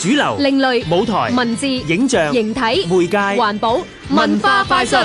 主流、另類、舞台、文字、影像、形體、媒介、環保、文化快訊，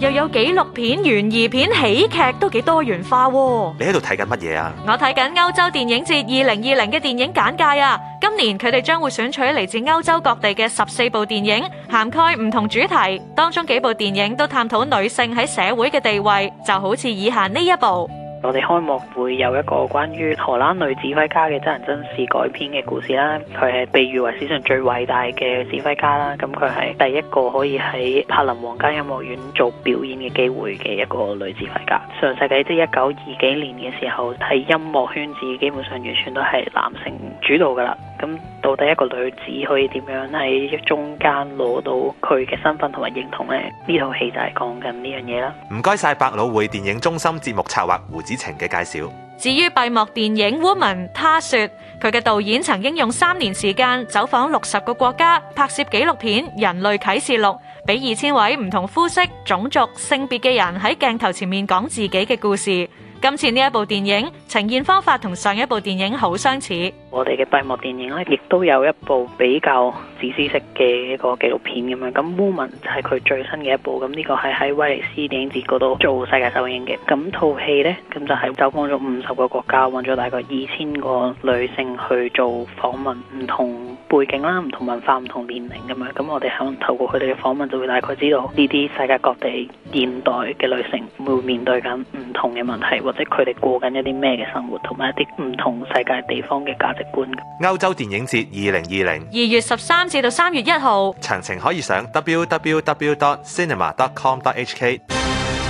又有紀錄片、懸疑片、喜劇都幾多元化喎。你喺度睇緊乜嘢啊？我睇緊歐洲電影節二零二零嘅電影簡介啊！今年佢哋將會選取嚟自歐洲各地嘅十四部電影，涵蓋唔同主題。當中幾部電影都探討女性喺社會嘅地位，就好似以下呢一部。我哋開幕會有一個關於荷蘭女指揮家嘅真人真事改編嘅故事啦，佢係被譽為史上最偉大嘅指揮家啦，咁佢係第一個可以喺柏林皇家音樂院做表演嘅機會嘅一個女指揮家。上世紀即一九二幾年嘅時候，喺音樂圈子基本上完全都係男性主導㗎喇。咁到底一個女子可以點樣喺中間攞到佢嘅身份同埋認同咧？呢套戲就係講緊呢樣嘢啦。唔該晒百老匯電影中心節目策劃胡芷晴嘅介紹。至於閉幕電影《Woman》，他說佢嘅導演曾經用三年時間走訪六十個國家拍攝紀錄片《人類啟示錄》，俾二千位唔同膚色、種族、性別嘅人喺鏡頭前面講自己嘅故事。今次呢一部電影呈現方法同上一部電影好相似。我哋嘅閉幕電影咧，亦都有一部比較史詩式嘅一個紀錄片咁樣。咁《Woman》就係佢最新嘅一部。咁呢個係喺威尼斯電影節嗰度做世界首映嘅。咁套戲呢，咁就係走訪咗五十個國家，揾咗大概二千個女性去做訪問，唔同背景啦，唔同文化、唔同年齡咁樣。咁我哋響透過佢哋嘅訪問就會大概知道呢啲世界各地現代嘅女性會面對緊唔同嘅問題。即佢哋過緊一啲咩嘅生活，同埋一啲唔同世界地方嘅價值觀。歐洲電影節二零二零，二月十三至到三月一號，詳情可以上 www.cinema.com.hk。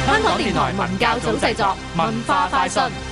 香港電台文教組製作，文化快訊。